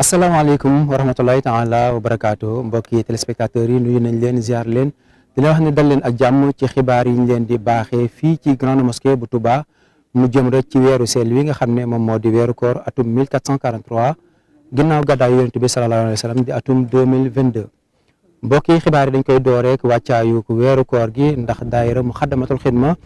asalaamaaleykum wa rahmatulahi taala wa barakaatu mbokki téléspectateurs yi nuyu nañ leen ziar leen dina wax ne dal leen ak jàmm ci xibaar yi ñu leen di baaxee fii ci grande mosquée bu Touba mu jëm rek ci weeru seel wi nga xam ne moom moo di weeru koor atum 1443 ginnaaw gàddaay yonent bi sallallahu alayhi wa sallam di atum 2022 mbokk yi xibaar yi dañ koy dooreek wàccaayu weeru koor gi ndax daayira mu xaddamatul xidma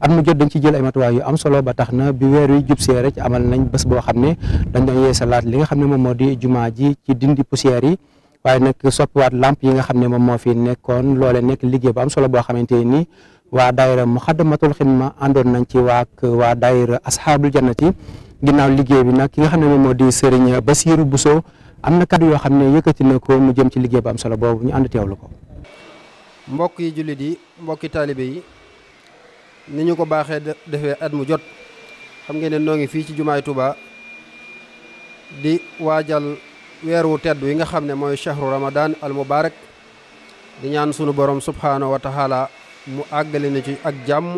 at mu jot dañ ci jël ay matuwaay yu am solo ba tax na bi weer wi jub see rek amal nañ bés boo xam ne dañ doon laat li nga xam ne moom moo di jumaa ji ci dindi poussière yi waaye nag soppiwaat lamp yi nga xam ne moom moo fi nekkoon loole nekk liggéey bu am solo boo xamante ni waa mu daayira muxaddamatul ma àndoon nañ ci waa waa daayira asxaabul jannati ginnaaw liggéey bi nag ki nga xam ne moom moo di Serigne Bassirou Bousso am na kaddu yoo xam ne yëkkati na ko mu jëm ci liggéey bu am solo boobu ñu ànd teewlu ko. mbokk yi jullit yi mbokki taalibe yi ni ñu ko baaxee defee at mu jot xam ngeen ne noo ngi fii ci jumaay Touba di waajal weer wu tedd yi nga xam ne mooy shahru ramadan al mubarak di ñaan sunu borom subhaanahu mu àggale na ci ak jàmm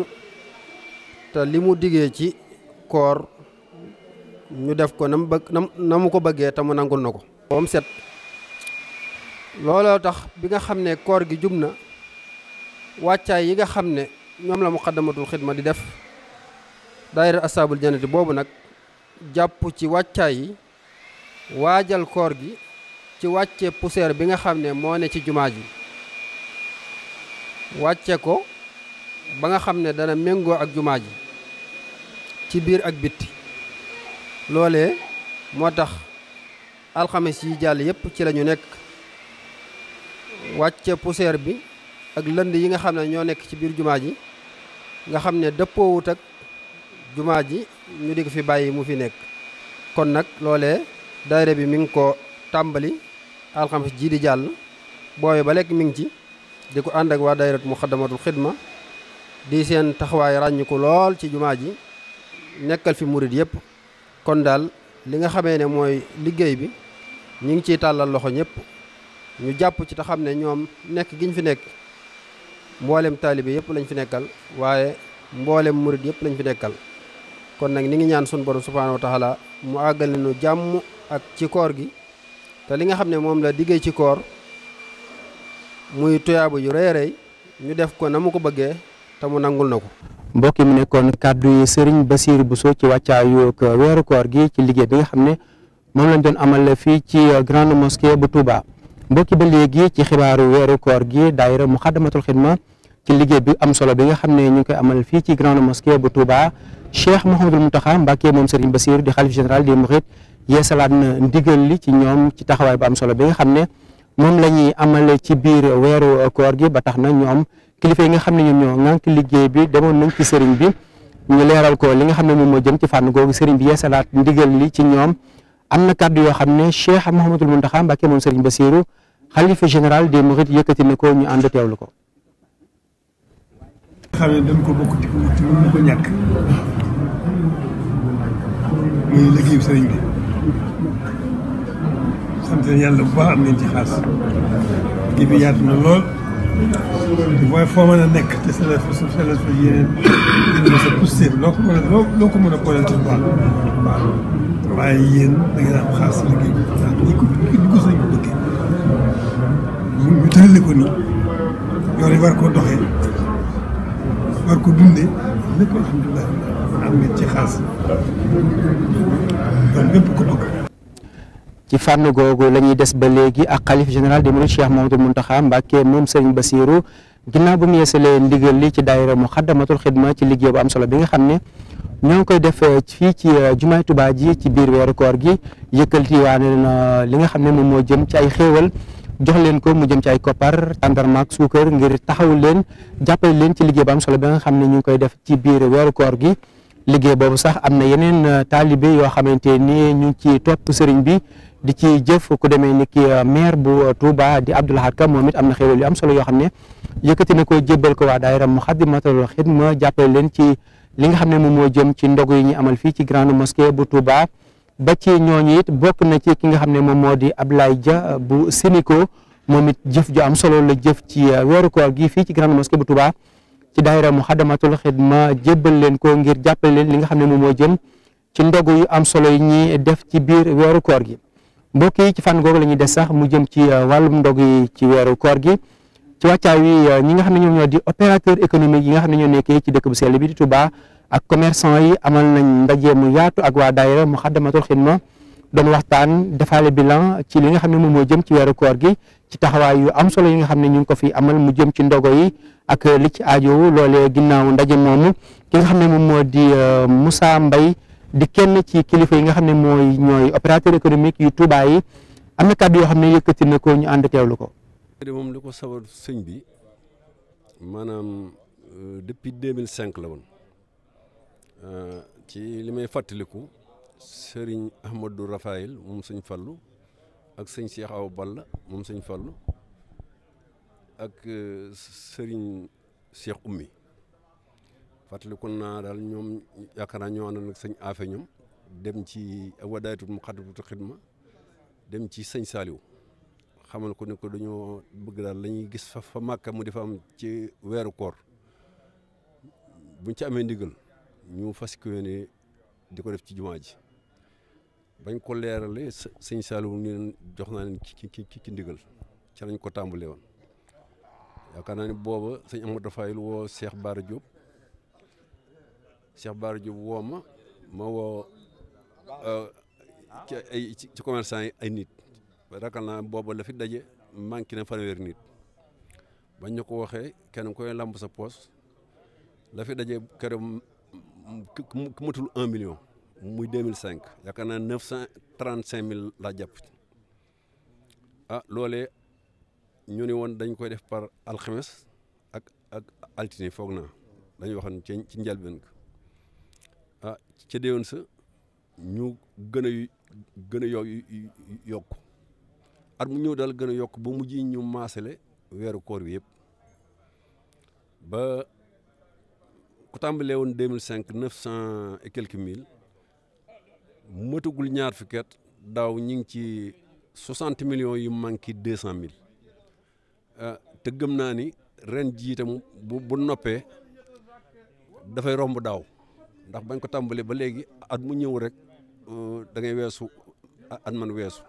te li mu digee ci koor ñu def ko nam bëgg na mu ko bëggee te mu nangul na ko moom set looloo tax bi nga xam ne koor gi jub na wàccaay yi nga xam ne ñoom la muqaddamatul xidma di def daayira asaabul janati boobu nag jàpp ci wàccaay yi waajal koor gi ci wàccee poussière bi nga xam ne moo ne ci jumaa ji wàcce ko ba nga xam ne dana méngoo ak jumaa ji ci biir ak bitti loolee moo tax alxames yi jàll yépp ci lañu nekk wàcce poussière bi ak lënd yi nga xam ne ñoo nekk ci biir jumaa ji nga xam ne dëppoowut ak jumaa ji ñu di ko fi bàyyi mu fi nekk kon nag loolee daayira bi mi ngi ko tàmbali alxames jii di jàll boobe ba lekk mi ngi ci di ko ànd ak waa dayrat muxaddamatul xidma di seen taxawaay ràññiku lool ci jumaa ji nekkal fi murit yëpp kon daal li nga xamee ne mooy liggéey bi ñu ngi ciy tàllal loxo ñëpp ñu jàpp ci te xam ne ñoom nekk giñ fi nekk mboolem taalibe yëpp lañ fi nekkal waaye mboolem murit yëpp lañ fi nekkal kon nag ni ngi ñaan sun borom subhaanahu wa mu àggal nu jàmm ak ci koor gi te li nga xam ne moom la diggéey ci koor muy tuyaaba yu rëy rëy ñu def ko na mu ko bëggee te mu nangul na ko. mbokk yi mu nekkoon kàddu yi Serigne bu Bousso ci wàccaayu weeru koor gi ci liggéey bi nga xam ne moom lañ doon amal fii ci grande mosquée bu Touba mbokki ba léegi ci xibaaru weeru koor gi daayira Muxaddamatul Xidma ci liggéey bi am solo bi nga xam ne ñu ngi koy amal fii ci grande mosquée bu Touba Cheikh mu Mountakha Mbacké moom Serigne Bassirou di xalif général des Mourides yeesalaat na ndigal li ci ñoom ci taxawaay bu am solo bi nga xam ne. moom la ñuy amal ci biir weeru koor gi ba tax na ñoom kilifa yi nga xam ne ñoom ñoo ŋànk liggéey bi demoon nañ ci sëriñ bi ñu leeral ko li nga xam ne moom moo jëm ci fànn googu sëriñ bi salaat ndigal li ci ñoom am na kàdd yoo xam ne Cheikh Mouhamadul Mountakha Mbacké moom sëriñ Bassirou xalifa général des mourides yëkkati na ko ñu ànd teewlu ko. xam ne ko bokk ci ko ñàkk muy liggéeyu sëriñ sant yàlla bu baax am nañ ci xaas kii bi yaatu na lool mooy foo mën a nekk te sa la sa la sa yéene dina sa poussé loo ci baax yéen da bi ndax ñi ko ñi ko sañ ko bëggee nii yoon war koo doxee war ko dundee lépp alhamdulilah am ngeen ci xaas donc ñëpp ko bëgg. ci fànn googu la ñuy des ba léegi ak xalif général des mourides Cheikh Mamadou Mountakha Mbacké moom Serigne Bassirou ginnaaw bu mu yeesalee ndigal li ci daayira mu xaddamatul xidma ci liggéey bu am solo bi nga xam ne ñoo ngi koy def euh, fii ci euh, jumaay Tuubaa ji ci biir weeru koor gi yëkkalti waane na li xam ne moom moo jëm ci ay xéewal jox leen ko mu jëm ci ay koppar tàndarma ak suukar ngir taxaw leen jàppale leen ci liggéey bu am solo bi nga xam ne ñu ngi koy def ci biir weeru koor gi liggéey boobu sax am na yeneen euh, taalibe yoo xamante ni ñu ngi ci topp sëriñ bi di ci jëf ku demee ni ki euh, maire bu euh, Touba di Abdou Lahad Ka moom it am na xéwal yu am solo yoo xam ne yëkkati na ko jébbal ko waa daayira Moukhaddamatoul Khidma jàppale leen ci li xam ne moom moo jëm ci ndog yi ñu amal fii ci grande mosquée bu Touba ba ci ñooñu it bokk na ci ki nga xam ne moom moo di Ablaye Dia euh, bu Sénico moom it jëf ju am solo la jëf ci weeru koor fii ci grande mosquée bu Touba ci daayira Moukhaddamatoul Khidma jébbal leen ko ngir jàppale leen li nga xam ne moom moo jëm ci ndog yu am solo yi ñuy def ci biir weeru koor gi mbokk yi ci fànn googu la ñuy des sax mu jëm ci euh, wàllum ndog yi ci weeru koor gi ci wàccaay wi euh, ñi nga xam ne ñoom ñoo di opérateur économique yi nga xam ne ñoo nekkee ci dëkk bu sell bi di Touba ak commerçant yi amal nañ ndaje mu yaatu ak waa daayira mu xaddamatul xidma doon waxtaan defaale bilan ci li nga xam ne moom moo jëm ci weeru koor gi ci taxawaay yu am solo yi nga xam ne ñu ngi ko fi amal mu jëm ci ndogo yi ak li ci aajowu loolee ginnaaw ndaje moomu ki nga xam ne moom moo di euh, Moussa mbay di kenn ci kilifa yi nga xam ne mooy ñooy opérateur économique yu Touba am na kàddu yoo xam ne yëkkati na ko ñu ànd teewlu ko. moom li ko sabab sëñ bi maanaam euh, depuis 2005 la woon euh, ci li may fàttaliku Serigne Ahmadou Rafael moom sëñ Fallu ak sëñ Cheikh Awa Balla moom sëñ Fallu ak euh, sëriñ Cheikh Oumy. kon naa daal ñoom yaakaar naa ñoo àndoon ak sëñ Afe ñoom dem ci wadaayatul muqaddamatul xidma dem ci sëñ Saliou xamal ko ni ko dañoo bëgg daal la gis fa fa mu defa am ci weeru koor buñ ci amee ndigal ñu fas ne di ko def ci jumaa ji bañ ko leerale sëñ Saliou ni leen jox naa leen ci ci ci ndigal ca lañ ko tàmbalee woon yaakaar naa booba sëñ Amadou Fayil woo Cheikh Bara Diop Cheikh Bara Diop woo ma ma woo euh, ci ay ci commerçant yi ay nit rakal naa booba la daje manqué na fanweeri nit bañ ñu ko waxee kenn koy lamb sa poos la daje keroog ku matul un million muy deux mille cinq yaakaar naa neuf cent trente cinq mille la jàpp a ah, loole ñu ne woon dañ koy def par alxames ak ak altine foog na dañuy waxoon ci ci njëlbeen ah ca déwén sa ñu gën a gën a yokk at mu ñëw daal gën a yokk ba mujj ñu maasale weeru koor bi yëpp ba ku tàmbalee woon deux mille cinq neuf cent et quelques mille mëtagul ñaar fukki daaw ñu ngi ci soixante millions yu manqué deux cent mille ah, te gëm naa ni ren jii itam bu bu noppee dafay romb daaw. ndax bañ ko tàmbalee ba léegi at mu ñëw rek euh, da ngay weesu at man weesu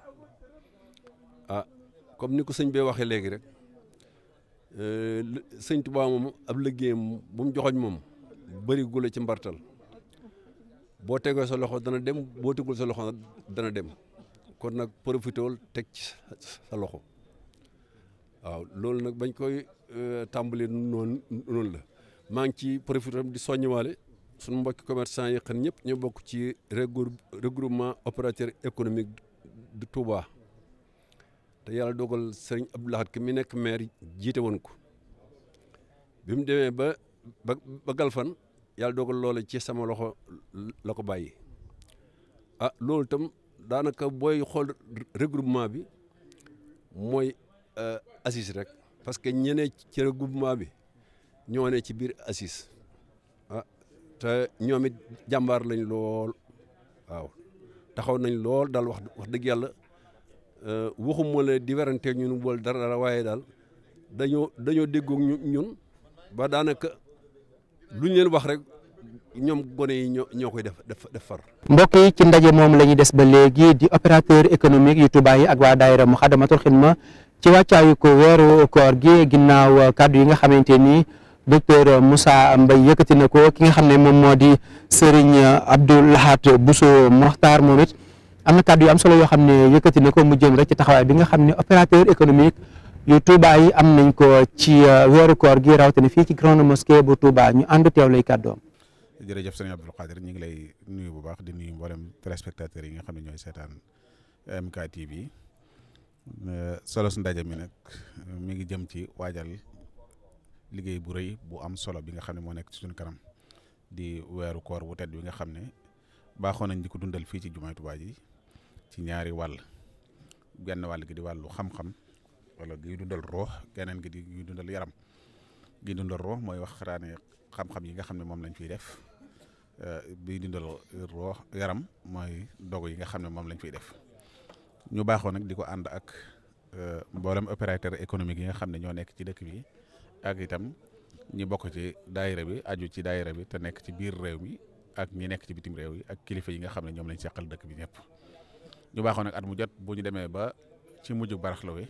ah comme ni ko sëñ bee waxee léegi rek euh, sëñ Tuubaa moom ab liggéeyam bu mu joxoñ moom bëri gula ci mbartal boo tegoo sa loxo dana dem boo tegul sa loxo dana dem kon nag profitool teg ci sa loxo waaw loolu nag bañ koy euh, tàmbalee noonu noonu la maa ngi ci profitool di soññiwaale suñu mbokki commerçant yi xan ñëpp ñu bokk ci regroupement opérateur économique du Touba te yàlla dogal sëriñ Abdou Lahad mi nekk maire jiite woon ko bi mu demee ba ba galfan yàlla dogal loola ci sama loxo la ko bàyyi ah loolu tam daanaka booy xool regroupement bi mooy euh, assise rek parce que ñeneen ci regroupement bi ñoo ci biir assis te ñoom it jàmbaar lañ lool waaw taxaw nañ lool daal wax wax dëgg yàlla euh, waxuma la di werante ñun bool dara dara waaye daal dañoo dañoo déggoog ñun ba daanaka lu ñu leen wax rek ñoom gone yi ñoo ñoo koy def def far. mbokk ci ndaje moom la ñuy des ba léegi di opérateur économique yu Touba yi ak waa daayira Moukhaddamatoul Khidma ci wàccaayu ko weeru koor gi ginnaaw kàddu yi nga xamante ni. docteur Moussa Mbaye yëkkati na ko ki nga xam ne moom moo di Serigne Abdou Lahat Bousso Mokhtar moom it am na kàddu yu am solo yoo xam ne yëkkati na ko mu jëm rek ci taxawaay bi nga xam ne opérateur économique yu Touba yi am nañ ko ci euh, weeru koor gi rawatina fii ci grande mosquée bu Touba ñu ànd teew lay kàddoom. jërëjëf sëñ Abdou Khadir ñu ngi lay nuyu bu baax di nuyu mboolem téléspectateurs yi nga xam ne ñooy seetaan euh, MK euh, solo solos ndaje mi nag mi ngi jëm ci waajal. liggéey bu rëy bu am solo bi nga xam ne moo nekk ci suñu kanam di weeru koor wu tedd bi nga xam ne baaxoo nañ di ko dundal fii ci jumaay Tuubaa ji ci ñaari wàll genn wàll gi di wàllu xam-xam wala gi dundal roox geneen gi di dundal yaram gi dundal mooy wax xaraane yi nga xam ne moom lañ fiy def eh, bi dundal roox yaram mooy dogu yi nga xam ne moom lañ fiy def ñu baaxoo nag di ko ànd ak eh, mboolem opérateur économique yi nga xam ne ñoo nekk ci dëkk bi ak itam ñi bokk ci daayira bi aju ci daayira bi te nekk ci biir réew mi ak ñi nekk ci bitim réew yi ak kilifa yi nga xam ne ñoom lañ seqal dëkk bi ñëpp ñu baaxoon nag at mu jot bu ñu demee ba ci mujj baraxlu wi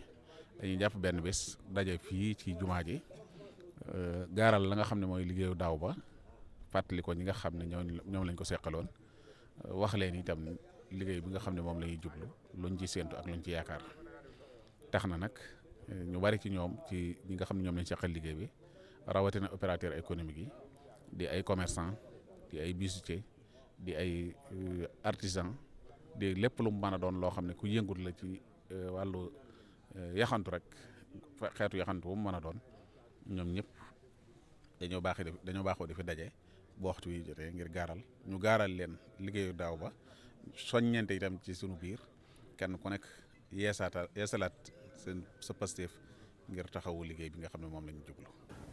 dañuy jàpp benn bés daje fii ci jumaa ji euh, gaaral la nga xam ne mooy liggéeyu daaw ba fàttali ko ñi nga xam ne ñoom lañ ko seqaloon euh, wax leen itam liggéey bi nga xam ne moom lañuy jublu luñ ci séentu ak luñ ci yaakaar tax na nag. ñu bari ci ñoom ci ñi nga xam ne ñoom lañ seqal liggéey bi rawatina opérateur économique yi di ay commerçant di ay bijoutier di ay euh, artisan di lépp lu mu mën a doon loo xam ne ku yëngut la ci euh, wàllu euh, yaxantu rek xeetu yaxantu bu mu mën a doon ñoom ñëpp dañoo baax def dañoo baaxoo di daje boo waxtu wi jotee ngir gaaral ñu gaaral leen liggéeyu daaw ba soññente itam ci sunu biir kenn ku nekk yeesaata yeesalaat seen sa pasteef ngir taxawu liggéey bi nga xam ne moom lañu jublu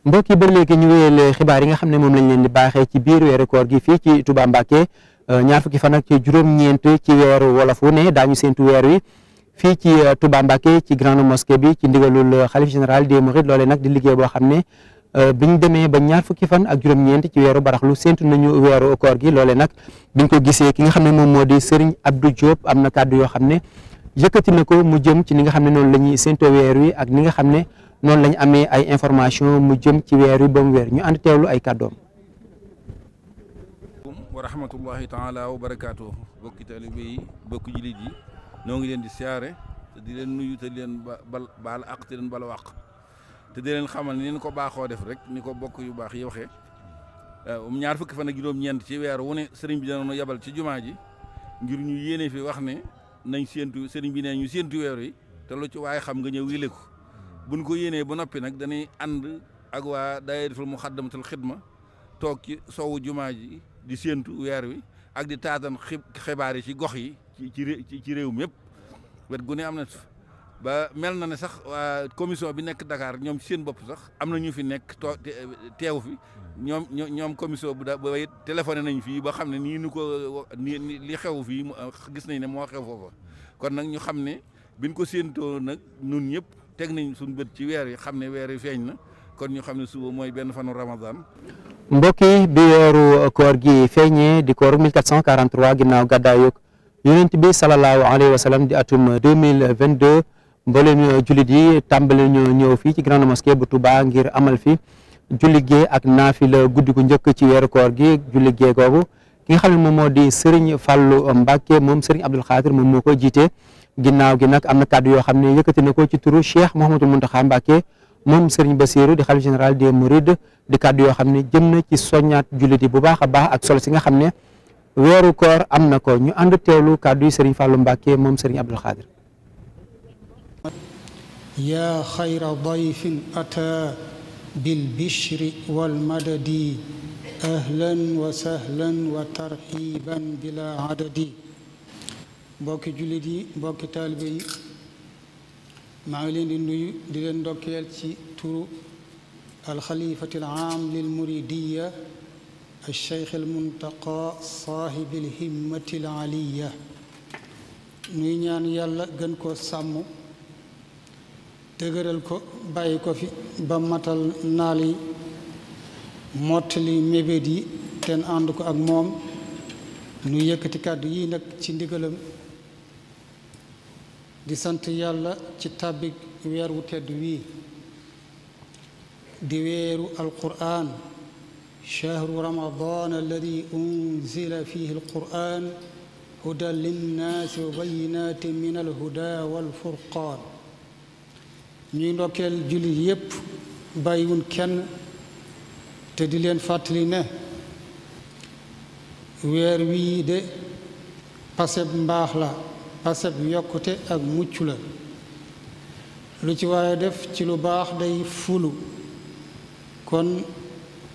mbokk yi ba léegi ñu wéyal xibaar yi nga xam ne moom lañ leen di baaxee ci biir weeru koor gi fii ci Touba Mbacké euh, ñaar fukki fan ak juróom-ñeent ci weeru wolof wu ne ñu séentu weer yi fii ci euh, Touba Mbacké ci grande mosquée bi ci ndigalul euh, xalif général des mourides loole nag di liggéey boo xam ne biñ demee ba ñaar fukki fan ak juróom-ñeent ci weeru baraxlu séentu nañu weeru koor gi loole nag biñ ko gisee ki nga xam ne moom moo di Serigne Abdou Diop am na kàddu yoo xam ne yëkkati na ko mu jëm ci li nga xam ne noonu la ñuy weer wi ak ni nga xam ne noonu la amee ay information mu jëm ci weeru wi ba mu weer ñu ànd teewlu ay kàddoom. wa rahmatullahi taala wa barakaatu bokki taalibe yi bokki jullit yi noo ngi leen di siyaare te di leen nuyu te di leen bal baal te leen bala wàq te di leen xamal ni leen ko baaxoo def rek ni ko bokk yu baax yi waxee um, ñaar fukki fan ak ñeent ci weer wu ne sëriñ bi dana nu yabal ci jumaa ji ngir ñu yéene fi wax ne nañ séentu sëriñ bi nee ñu séentu weer wi te lu ci waaye xam nga ñëw yële ko buñ ko yéenee ba noppi nag dañuy ànd ak waa mu daayiratul muxaddamatul xidma toog ci sowu jumaa ji di séentu weer wi ak di taatan xibaar yi ci gox yi ci ci ci réew mi yëpp wet gu am na ba mel na ne sax waa commission bi nekk Dakar ñoom seen bopp sax am na ñu fi nekk too teewu fi ñoom ñoom commission bu da ba it téléphoné nañ fii ba xam ne nii nu ko nii li xew fii gis nañ ne moo xew foofa kon nag ñu xam ne biñ ko séentoo nag nun ñëpp teg nañ suñu bët ci weer yi xam ne weer yi feeñ na kon ñu xam ne suba mooy benn fanu Ramadan. mbokk bi weeru koor gi feeñee di koor 1443 ginnaaw gàddaay yonent bi salallaahu alayhi wa sallam di atum 2022. mbooleem euh, jullit yi tàmbali ñu ñëw fii ci grande mosquée bu Touba ngir amal fi julli gee ak la guddi gu njëkk ci weeru koor gi julli gee googu ki nga xam ne moom moo di Serigne Fallou Mbacke moom Serigne Abdoul Khadir moom moo ko jiite ginnaaw gi nag am na kàddu yoo xam ne yëkkati na ko ci turu Cheikh Mouhamadou Mountakha Mbacke moom Serigne Bassirou di xalif général des Mourides di kàddu yoo xam ne jëm na ci soñaat jullit yi bu baax a baax ak solo si nga xam ne weeru koor am na ko ñu ànd teewlu kaddu yi Serigne fallu Mbacke moom Serigne Abdoul Khadir yaa xayra dayfin ataa bilbishri walmadadi ahlan wa sahlan wa tarxiiban bila adadi mbokki jullit yi mbokki taalibe yi maa ngi leen di nuyu di leen ndokkeel ci turu alxalifati alaam lilmuridiya alcheikh almuntaqa saahibi alhimmati alaliya nuy ñaan yàlla gën koo sàmm dëgëral ko bàyyi ko fi ba matal naal yi mottali mébét yi ten ko ak moom nu yëkkati kàddu yi nag ci ndigalam di sant yàlla ci tàbbi weer wu tedd wii di weeru alquran shahru ramadan alladi unzila fihi alquran hudan linnaasi wa bayinatin min alhuda walfurqaan ñuy ndokkeel jullit yépp bàyyiwun kenn te di leen fàttali ne weer wii de paseb mbaax la paseb yokkute ak mucc la lu ci waaye def ci lu baax day fulu kon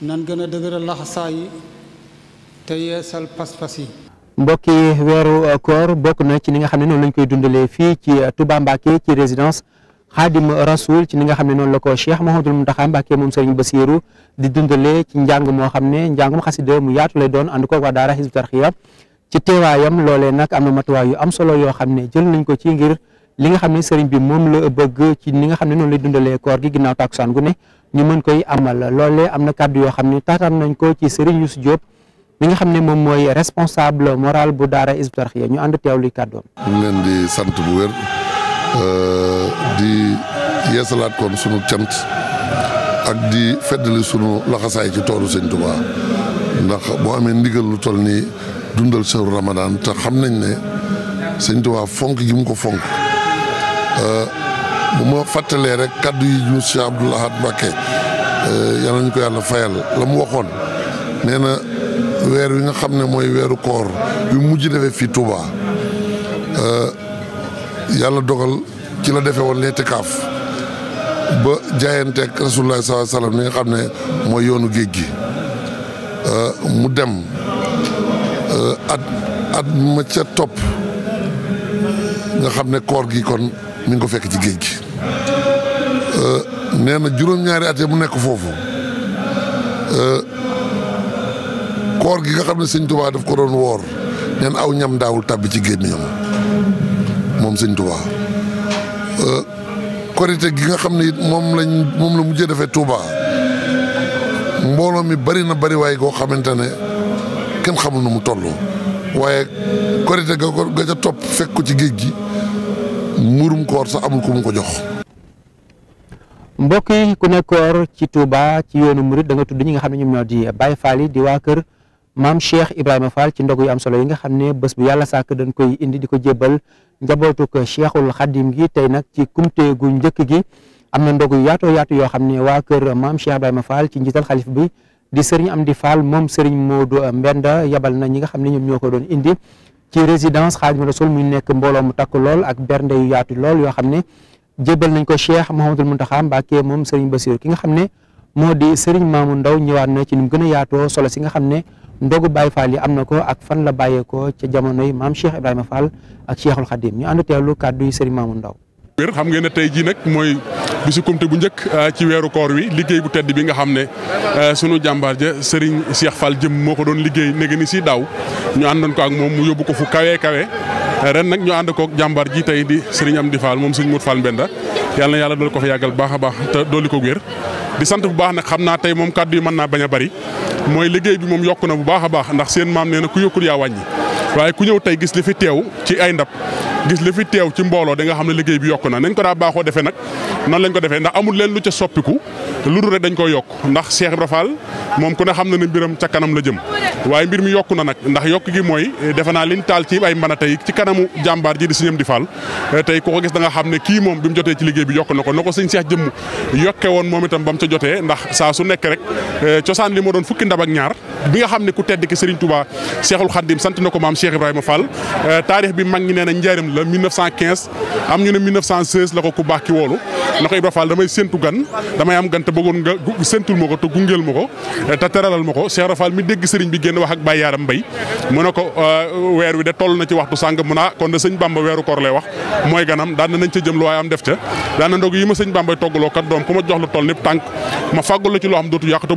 nan gën a dëgëral laxasaa yi te yeesal pas-pas yi mbokki weeru koor bokk na ci ni nga xam ne noonu lañ koy dundalee fii ci Touba Mbacké ci résidence xaadim rasul ci ni nga xam ne noonu la ko Cheikh Mouhamadul Mountakha Mbacké moom Serigne Bassirou di dundale ci njàng moo xam ne njàngum xasida mu yaatu lay doon ànd ko waa daara Hizbut Tarqiyyah ci teewaayam loolee nag am na matuwaay yu am solo yoo xam ne jël nañ ko ci ngir li nga xam ne sëriñ bi moom la bëgg ci ni nga xam ne noonu lay dundalee koor gi ginnaaw takusaan gu ne ñu mën koy amal loolee am na kàddu yoo xam ne taataan nañ ko ci Serigne si Diop mi nga xam ne moom mooy responsable moral bu daara Hizbut Tarqiyyah ñu ànd teewlu kàddoom. ñu Euh, di yeesalaat kon sunu cant ak di feddali sunu laxasaay ci toolu sëñ ndax boo amee ndigal lu toll nii dundal sëru Ramadan te xam nañ ne sëñ fonk gi mu ko fonk euh, bu ma fàttalee rek kaddu yi ñu Cheikh Abdoul Ahad Mbacké euh, yal nañ ko yàlla fayal la mu waxoon nee na weer wi nga xam ne mooy weeru koor bi mujj defee fii yàlla dogal ci la defee woon l'itikaaf ba jaayanteeg rasulullah sallallahu alayhi wasallam mi nga xam ne mooy yoonu géej gi euh, mu dem euh, at at ma ca topp nga xam ne koor gi kon mi ngi ko fekk ci géej gi euh, nee na juróom-ñaari at mu nekk foofu koor gi nga xam ne sëñ Tuubaa daf ko doon woor neen aw ñam daawul tàbbi ci gémmiñam moom sëñ Touba. korite euh, gi nga xam ne it moom lañ moom la mujjee defee Touba mbooloo mi bari na bari waaye goo xamante ne kenn xamul nu mu toll. waaye korite ga ko ga ca topp fekk ko ci géej gi murum koor sax amul ku mu ko jox. mbokk ku nekkoor ci Touba ci yoonu Mouride da tudd ñi nga xam ne ñoom ñoo di Baye Fall yi di waa kër. maam Cheikh Ibrahima Fall ci ndog yu am solo yi nga xam ne bés bu yàlla sàkk dañ koy indi di ko jébbal njabootuk Cheikhul Xadim gi tey nag ci kumte gu njëkk gi am na ndog yu yaatoo yaatu yoo xam ne waa kër maam Cheikh Ibrahima Fall ci njiital xalif bi di am di Fall moom Serigne Modou mbend yabal na ñi nga xam ne ñoom ñoo ko doon indi ci résidence Xaadimu Rasul muy nekk mbooloo mu takk lool ak bernde yu yaatu lool yoo xam ne jébbal nañ ko Cheikh Mouhamadul Mountakha Mbacké moom Serigne Bassirou ki nga xam ne moo di Serigne Mamou Ndaw ñëwaat na ci nu mu gën a yaatoo solo si nga xam ne ndogu Baye faal yi am na ko ak fan la bàyyeekoo ca jamonoy maam Cheikh Ibrahima Fall ak Cheikhul Khadim ñu ànd teelu kàddu yi Serigne Mamou Ndaw xam nga ne tey jii nag mooy bisu kumte bu njëkk euh, ci weeru koor wi liggéey bu tedd bi nga xam ne euh, sunu jàmbaar ja sëriñ Cheikh Fall jëm moo ko doon liggéey néega ni si daaw ñu àndoon ko ak moom mu yóbbu ko fu kawe kawe ren nag ñu ànd kook jàmbaar ji tey di Serigne di Fall moom Serigne Mout Fall Mbenda yàlla na yàlla dool ko fa yàggal baax a baax te dooli ko wér di sant bu baax nag xam naa tey moom kàddu yi mën naa bañ a bari mooy liggéey bi moom yokku na bu baax a baax ndax seen maam nee na ku yokkul yaa wàññi waaye ku ñëw tey gis li fi teew ci ay ndab gis li fi teew ci mbooloo da nga xam ne liggéey bi yokk na nañ ko daa baaxoo defee nag noonu lañ ko defee ndax amul leen lu ca soppiku lu dul rek dañ yokk ndax Cheikh Ibra moom ku ne xam na ne mbiram ca kanam la jëm waaye mbir mi yokku na nag ndax yokk gi mooy eh, defe naa liñ taal ci ay mbana tey ci kanamu jàmbaar ji di sëñam di Fall eh, tey ku ko gis da nga xam ne kii moom bi mu jotee ci liggéey bi yokk na ko na ko sëñ Cheikh jëmm yokke woon moom itam ba mu jotee ndax saa su nekk rek eh, cosaan li moo doon fukki ndab ak ñaar bi nga xam ne ku tedd ki Serigne Touba Cheikhul Khadim sant na ko maam Cheikh Ibrahima Fall taarix bi mag ñi nee na njaarim naan la 1915 am ñu ne 1916 la ko ku baax ki woolu na Ibra Fall damay séntu gan damay am gan te bëggoon nga séntul ma ko te gungeel ma ko te teralal ma ko Cheikh Ibra mi dégg sëriñ bi génn wax ak Baye Yaram Mbaye mu ne ko euh, weer wi de toll na ci waxtu sàng mu naa ah, kon de sëñ Bamba weeru koor lay wax mooy ganam daan nañ ca jëm lu waaye am def ca daan na ndog yi ma sëñ Bambay toggaloo kat doom ku ma jox lu toll nip tànk ma fàggul la ci loo xam dootu yàqatu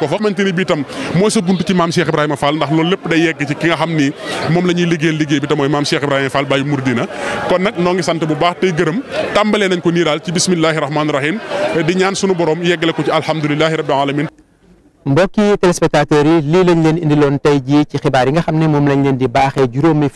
ko fa xamante ni bii tam mooy sa bunt ci maam Cheikh Ibrahima Fall ndax loolu lépp day yegg ci ki nga xam ni moom la ñuy liggéey bi te mooy maam Cheikh Ibrahima Fall Baye Mouridina kon nag noo sant bu baax tey gërëm tàmbalee nañ ko nii daal ci bismillahi rahmaani rahim di ñaan sunu borom yeggale ko ci alhamdulilahi rabbil alamin mbokki téléspectateurs yi lii lañ leen indiloon tey jii ci xibaar yi nga xam ne moom lañ leen di baaxee juróomi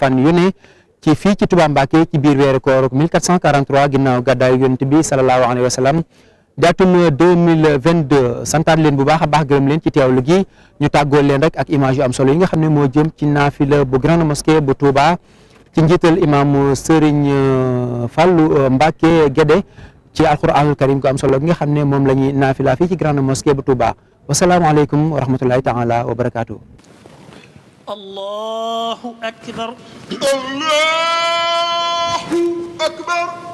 jaatum 2022 santaat leen bu baax a baax gërëm leen ci teewlu gi ñu tàggoo leen rek ak image am solo yi nga xam ne moo jëm ci naafila bu grande mosquée bu Touba ci njiital imam Serigne euh, Fallou euh, Mbacké Guédé ci alquranul karim gu am solo gi nga xam ne moom la ñuy naafila fii ci grande mosquée bu Touba wasalaamualeykum wa rahmatullahi taala wa barakaatu. Allahu akbar. Allahu akbar.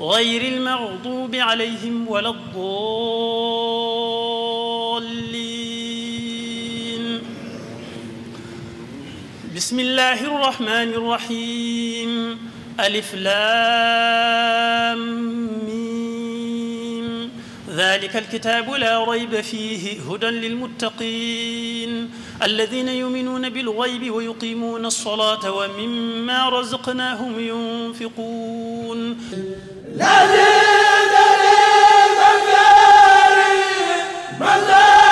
غير المغضوب عليهم ولا الضالين بسم الله الرحمن الرحيم ألف لام ميم ذلك الكتاب لا ريب فيه هدى للمتقين الذين يؤمنون بالغيب ويقيمون الصلاة ومما رزقناهم ينفقون la